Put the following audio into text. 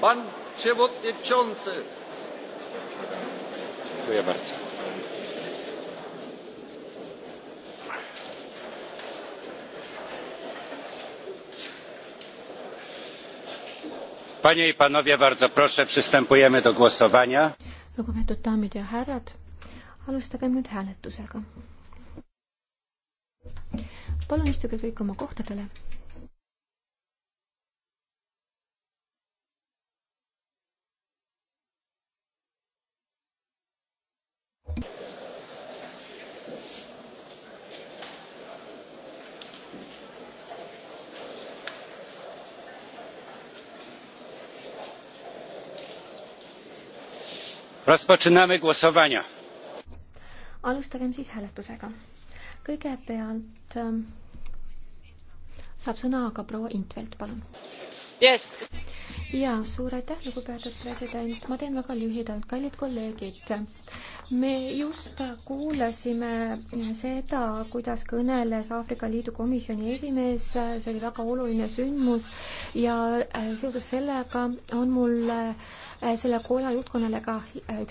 Pan Przewodniczący. Dziękuję bardzo. Panie i panowie, bardzo proszę, przystępujemy do głosowania. Lugupeetud daamid ja härrad, alustagem nüüd hääletusega. palun istuge kõik oma kohtadele alustagem siis hääletusega. kõigepealt ähm, saab sõna aga proua Intvelt, palun yes ja suur aitäh, lugupeetud president, ma teen väga lühidalt, kallid kolleegid. me just kuulasime seda, kuidas kõneles Aafrika Liidu komisjoni esimees, see oli väga oluline sündmus ja seoses sellega on mul selle koja juhtkonnale ka üks